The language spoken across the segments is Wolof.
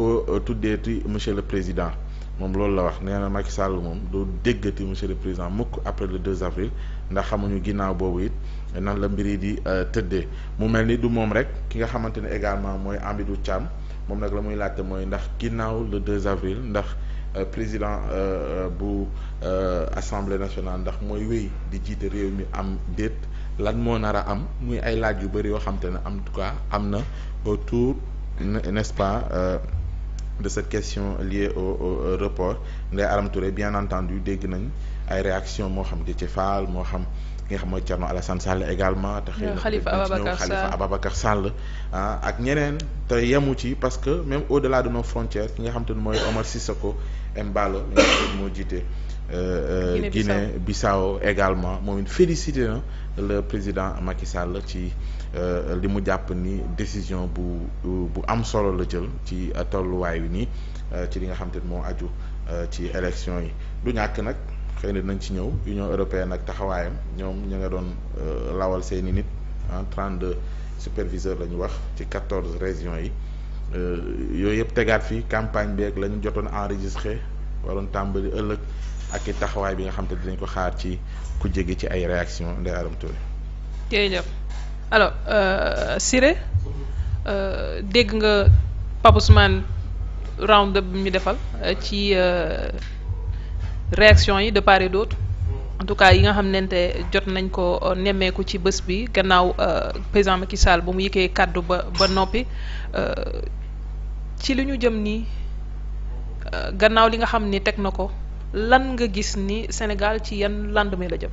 ko euh, tuddeeti monsieur le président moom loolu la wax nee na Macky Sall moom du déggati monsieur le président mukk après le 2 avril ndax xamuñu ginnaaw boobu it nan la mbir yi di euh, tëddee mu mel ni du moom rek ki nga xamante ne également mooy Amidou Thiam moom nag la muy laajte mooy ndax ginnaaw le 2 avril ndax euh, président bu assemblée nationale ndax mooy wéy di jiite réew mi am déet lan moo nar a am muy ay laaj yu bëri yoo xam te ne en tout cas am na autour n'est-ce de cette question liée au, au, au report Ndeye Aram Touré bien entendu dégg nañ ay réaction moo xam ci Fall moo xam ki nga xam mooy Thierno Alassane Sall également. te xëy na Khalifa Ababacar ah, ak ñeneen te yemu ci parce que même de delà de nos frontières ki nga xam te ne mooy Omar Sissoko Embalo li nga xam moo jiite. Euh, euh, Guinée Bissau également moom it félicité na président Macky Sall ci euh, li mu jàpp ni décision bu bu am solo la jël ci tolluwaay wi nii ci li nga xam te ne moo aju ci élection yi du ñàkk nag. xëy na dinañ ci ñëw Union européenne ak taxawaayam ñoom ña nga doon euh, lawal seeni nit en trente-deux superviseurs la wax ci quatorze régions yi euh, yooyu yëpp tegaat fi campagne bi la ñu jotoon enregistré waroon tàmbali ëllëg ak i taxawaay bi nga xam te dinañ ko xaar ci ku jege ci ay réaction Ndeye Arame Touré. jërëjëf alors euh, Siré dégg nga Pape Ousmane round bi ñu defal ci. réaction yi de part et d'autre en tout cas yi nga xam nente jot nañ ko euh, nemmeeku ci bés bi gannaaw euh, président Macky Sall ba mu yëkkee kàddu ba ba noppi euh, ci li ñu jëm ni gannaaw li nga xam ni teg na ko lan nga gis ni Sénégal ci yan lendemain la jëm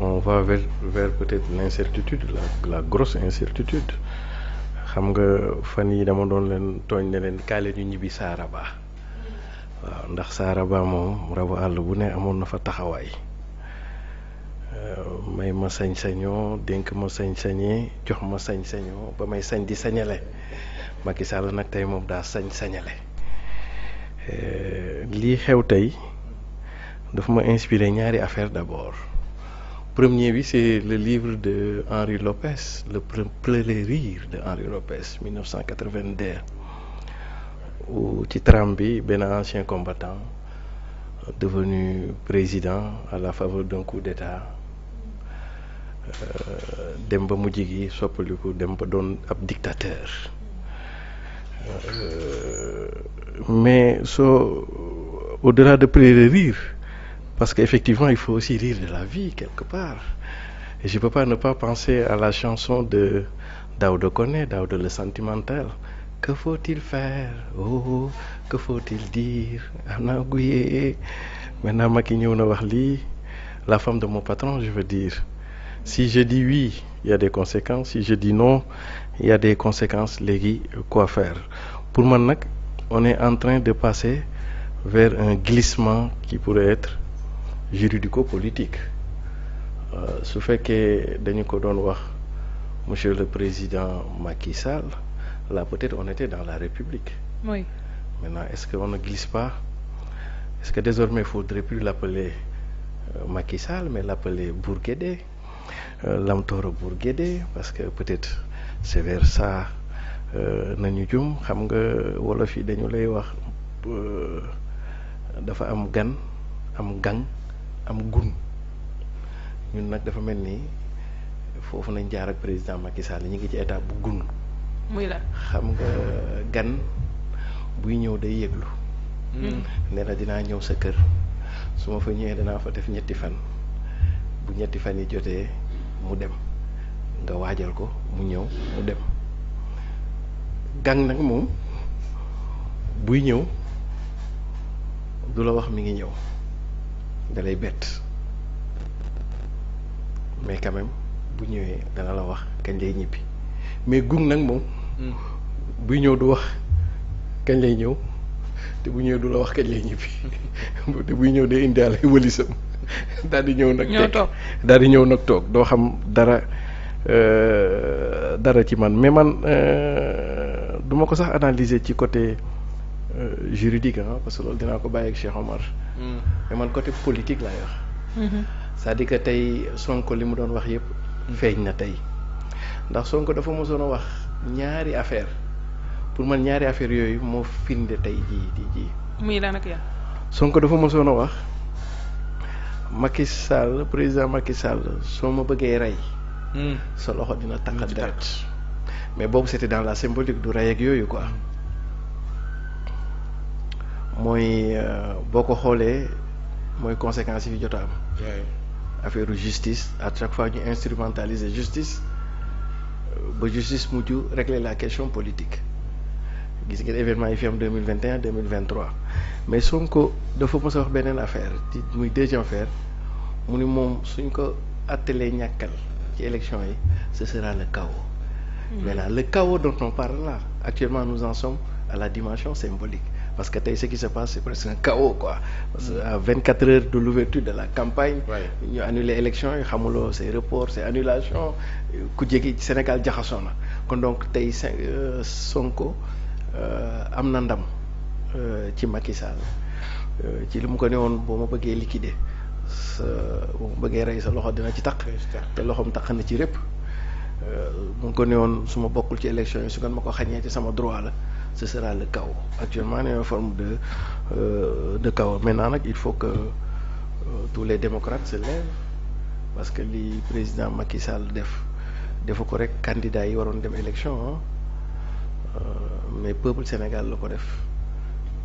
on va vers vers peut-être l'incertitude la la grosse incertitude xam nga fan yi dama doon leen tooñ ne leen kaale ñu ñibbi Saaraba waaw ndax Saaraba moom rabu àll bu ne amoon na fa taxawaay may ma sañ-sañoo dénk ma sañ-sañee jox ma sañ-sañoo ba may sañ di sañale Macky Sall nag tey moom daa sañ-sañale eh, lii xew tey dafa ma inspiré ñaari affaire d'abord premier bi c'est le livre de Henri Lopez le le Pleurer de Henri Lopez 1982 où ci tram bi benn ancien combattant devenu président à la faveur d'un coup d'état euh, dem ba mujj gi soppaliku dem ba doon ab dictateur euh, mais soo au-delà de Pleurer Parce qu'effectivement, il faut aussi rire de la vie quelque part. Et je ne peux pas ne pas penser à la chanson de Daoud Koné, Daoud le sentimental. Que faut-il faire Oh, que faut-il dire Anna Gouye. Maintenant, la femme de mon patron, je veux dire. Si je dis oui, il y a des conséquences. Si je dis non, il y a des conséquences. Les quoi faire Pour moi, on est en train de passer vers un glissement qui pourrait être juridico-politique euh, su fekkee dañu ko doon wax monsieur le président Macky Sall là peut-être on dans la République. oui maintenant est-ce que ne glisse pas est-ce que désormais il faudrait plus l'appeler euh, Macky Sall mais l'appeler Bourguédé euh, Lamtoro Bourguédé parce que peut-être c'est vers ça euh, nañu jum xam nga wolof yi dañu lay wax euh, dafa am gan am gan am gun ñun nag dafa mel ni foofu nañ jaar ak président Macky Sall ñu ngi ci état bu gun. muy la xam nga gan buy ñëw day yëglu. Hmm. nee na dinaa ñëw sa kër su ma fa ñëwee danaa fa def ñetti fan bu ñetti fan yi jotee mu dem nga waajal ko mu ñëw mu dem gan nag moom buy ñëw du la wax mi ngi ñëw. da lay bett mais quand bu ñëwee dana la wax kañ lay ñibbi mais gung nag moom. Hmm. buy ñëw du wax kañ lay ñëw te bu ñëwee du la wax kañ lay ñibbi te buy ñëw dee indiwaale wëlisam daal di ñëw nag. ñëw toog daal di ñëw nag toog doo xam dara euh, dara ci man mais man euh, duma ko sax analyser ci côté. Euh, juridique ah parce que loolu dinaa ko bàyyi ak Cheikh Omar. Hmm. mais man côté politique laay wax. Hmm. c'est-à-dire que tey Sonko li mu doon wax yëpp. Hmm. feeñ na tey ndax Sonko dafa mosoon a wax ñaari affaire pour man ñaari affaire yooyu moo firnde tey jii di jii. muy dafa mosoon a wax Macky Sall président Macky Sall soo ma bëggee rey. sa loxo dina takk deret mais boobu c'était dans la symbolique du rey ak yooyu quoi. mooy euh, boo ko xoolee mooy conséquence yi jot am. affaire justice à chaque fois ñu instrumentaliser justice ba justice mujj régler la question politique gis ngeen événement yi fi am deux mille vingt et un mille vingt mais Sonko dafa mos a wax beneen affaire ci muy deuxième affaire mu ni moom suñ ko attelé ñàkkal ci élection yi ce sera la chaos. Mmh. maintenant le chaos dont on par là actuellement nous en sommes à la dimension symbolique. parce que tey ce qui se passe c'est presque un chaos quoi parce que à vingt quatre heures de l'ouverture de la campagne ñu annulé élection yi xamuloo c'est report c'est annulation ku jégi Sénégal jaxasoo na kon donc tey euh, Sonko euh, am na ndam euh, ci Macky Sall ci li mu ko ne woon boo ma bëggee liquider sa boo ma bëggee rey sa loxo dina ci taq te loxoom taq na ci répp mu ngi ko ne woon su ma bokkul ci élection yi su ngeen ma ko xañee ci sama droit la ce sera le kaw actuellement on est en forme de kaw euh, de chaos nag il faut que euh, tout les démocrates se parce que li président Macky Sall def defu ko rek candidat yi waroon dem élection hein? Euh, mais peuple Sénégal la ko def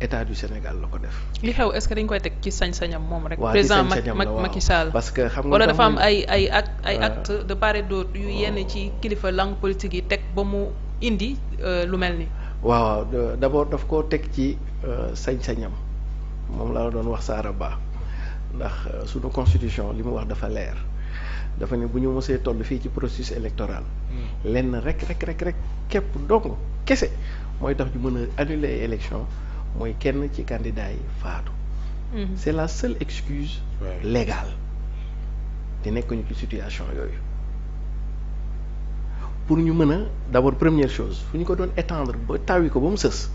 état du Sénégal la ko def. li xew est-ce que dañ koy teg ci sañ-sañam moom rek. président Macky Sall parce que xam nga wala dafa am ay ay acte ay acte de part et d'autre yu yenn ci kilifa langue politique yi teg ba mu indi lu mel ni waaw d' abord daf koo teg ci euh, sañ-sañam moom la doon wax Saara Ba ndax euh, suñu constitution li mu wax dafa leer dafa ne bu ñu mosee toll fii ci processus électoral. Hmm. lenn rek rek rek rek képp dong kese mooy tax ñu mën a annuler élection mooy kenn ci candidat yi faatu. Hmm. c' est la seule excuse. légal di nekk ñu ci situation yooyu. pour ñu mën a d'abord première chose fu ñu ko doon étendre ba tawi ko ba mu sës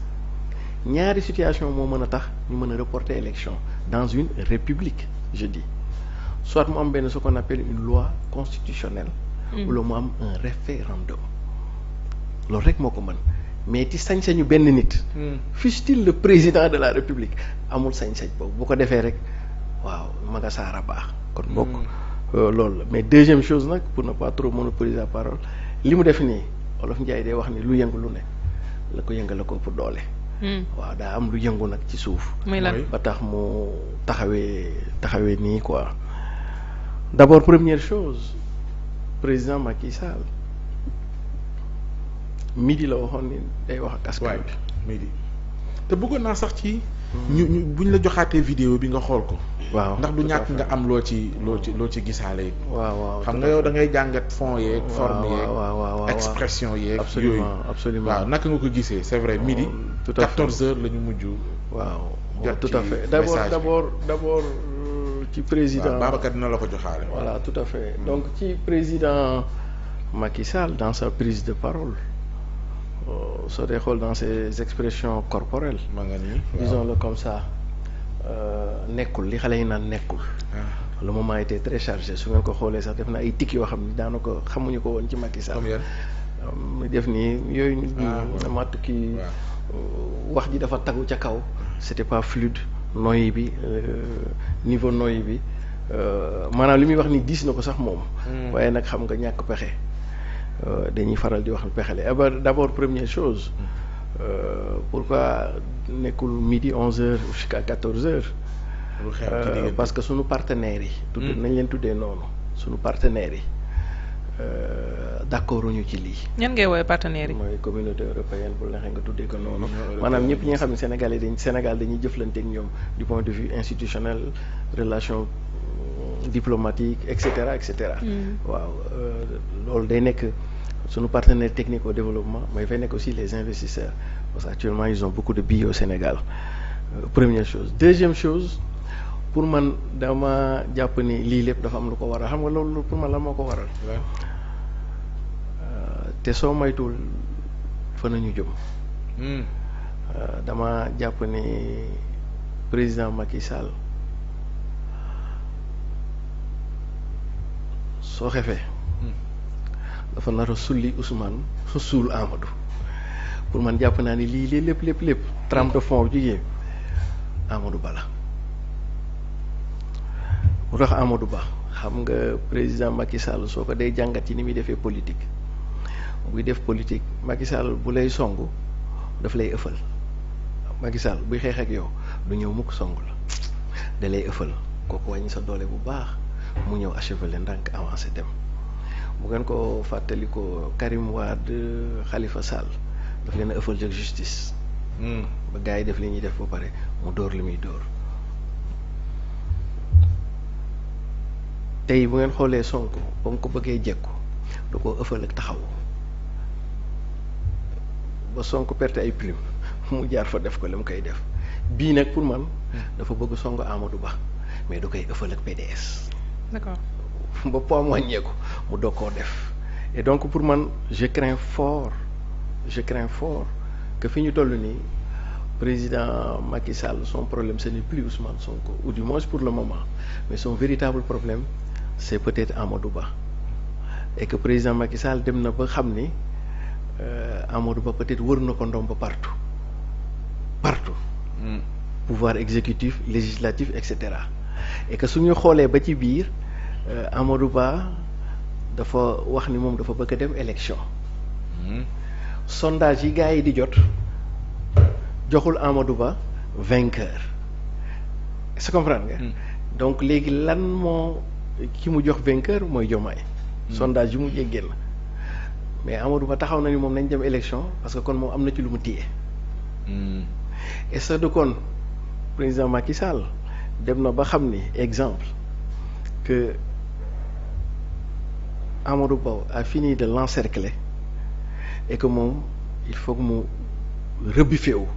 ñaari situation moo mën a tax ñu mën a reporter élection dans une république je dis soit mu am benn ce qu'on appelle une loi constitutionnelle mm. wala mu am un référendum loolu rek moo ko mën mais ci sañ-sañu benn nit mm. fût-il le président de la république amul sañ-sañ boobu bu ko defee rek waaw ma nga baax kon bokk mm. euh, loolu la mais deuxième chose nag pour ne pas trop monopoliser la li mu def nii olof Njaay day wax ni lu yëngu lu ne la ko yëngal la ko ëpp doole. Hmm. waaw daa am lu yëngu nag ci suuf. muy lan ba tax mu taxawee taxawee nii quoi d' abord première chose président ma ki Sall midi la waxoon ni day wax ak askan bi midi. te bëggoon naa sax ci. ñu ñu buñ la joxaatee vidéo bi nga xool ko. waaw ndax du ñàkk nga am loo ci loo ci loo ci gisaale. waaw waaw xam nga yow da ngay jàngat fond yeeg. forme yeeg expression yeeg. yooyu absolument waaw naka nga ko gisee c'est vrai midi. tout à fait heures la ñu mujj. waaw jot tout à fait d'abord d'abord d'abord euh, ci président Babacar dina la ko joxaale. voilà tout à fait donc ci président Macky Sall dans sa prise de parole. Euh, soo dee xool dans ses expressions corporelles. ma nga nii disons-le comme ça euh, nekkul li xale yi naan nekkul. lu ah. le moment it très chargé su ngeen ko xoolee sax def na ay tikki yoo xam ni daanako xamuñu ko woon ci Macky Sall. Euh, mu def nii yooyu. Ah, waaw matt kii wax ji dafa tagu ca kaw. c'était pas fluide noyyi bi niveau noyyi bi maanaam li muy wax ni diis na ko sax moom. Hmm. waaye nag xam nga ñàkk pexe. Euh, dañuy faral di wax pexe la eh d'abord premier chose mm. euh, pourquoi nekkul midi onze heures jusqu'à quatorze heures. Euh, parce que sunu partenaire yi. Mm. tudd nañ leen tuddee noonu sunu partenaires yi euh, d'accord ñu ci lii. ñan ngay woowee partenaires yi. mooy communauté européenne bu neexee nga tuddee ko noonu. maanaam ñëpp ñi nga xam ne Sénégal yi Sénégal dañuy jëflante ak ñoom du point de vue institutionnel relation. diplomatique et cetera et cetera. Mm. waaw euh, loolu day nekk suñu partenaire technique au développement mais fay nekk aussi les investisseurs parce que actuellement ils ont beaucoup de billets Sénégal euh, première chose deuxième chose pour man dama jàpp ni lii lépp dafa am lu ko waral xam nga loolu pour man la moo ko waral. Euh, te soo moytuwul fa nañu jëm. Mm. dama jàpp ni président Macky Sall. soo xefee dafa nar a sulli Ousmane su suul Amadou pour man jàpp naa ni lii lépp lépp lépp trame de fond jigéen Amadou Ba la mu tax Amadou Ba xam nga président Macky Sall soo ko dee jàngat yi ni muy defee politique buy def politique Macky Sall bu lay song daf lay ëffal Macky Sall buy xeex yow du ñëw mukk song la da lay ëffal kooku wàññi sa doole bu baax mu ñëw achever leen ndànk avancé dem bu ngeen ko fàttali ko Karim Wade Khalifa Sall daf leen a ëffal justice. Hmm. ba gars yi def li ñuy def ba pare mu dóor li muy dóor. tey bu ngeen xoolee sonk ba mu ko bëggee jekku du koo ëffal ak taxawu ba Sonko perte ay prime mu jaar fa def ko la mu koy def bii nag pour man hmm. dafa bëgg songu Amadou Ba mais du koy ëffal ak PDS. d'accord ba poids wàññeeku mu doog koo def et donc pour man je crains fort je crains fort que fi ñu toll nii président Macky Sall son problème ce n'est plus Ousmane Sonko ou du moins pour le moment mais son véritable problème c'est peut-être Amadou Ba et que président Macky Sall dem na ba xam ni euh, Amadou Ba peut-être wër na ko ba partout partout. Mm. pouvoir exécutif législatif et cetera. et que suñu xoolee ba ci biir euh, Amadou Ba dafa wax ni moom dafa bëgg a dem élection hmm. sondage yi gars yi di jot joxul Amadou Ba vainqueur est-ce nga hmm. donc léegi lan moo ki mu jox vainqueur mooy Diomaye hmm. sondage yu mu jéggéen na mais Amadou Ba taxaw na ni moom nañ dem élection parce que kon moom am na ci lu mu téye et ça de kon président Macky Sall dem na ba xam ni exemple que Amadou Ba a fini de l'encercler et que moom il faut mu rebuffer wu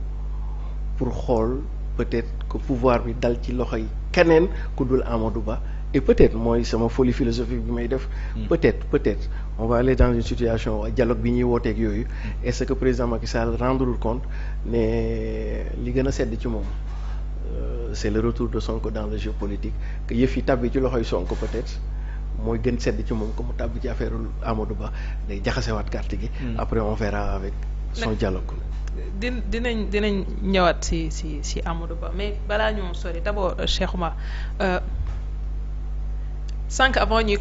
pour xool peut-être que pouvoir bi dal ci loxo yi keneen ku dul Amadou Ba et peut-être mooy sama folie philosophique bi may def. Hmm. peut-être peut-être on va aller dans une situation dialogue bi ñuy wooteeg yooyu. Hmm. est-ce que président Macky Sall rendrewul compte ne li gën a sedd ci moom. Euh, c'est le retour de Sonko dans le jeu politique que yëf yi tàbbi ci loxoy Sonko peut-être mooy gën sedd ci moom comme tàbbi ci affaire Amadou Ba day jaxasewaat carte gi. Hmm. après on verra avec son dialogue. di dinañ dinañ ñëwaat si si si Amadou Ba mais balaa ñoo sori d'abord euh, Cheikh Oumar euh, avant ñuy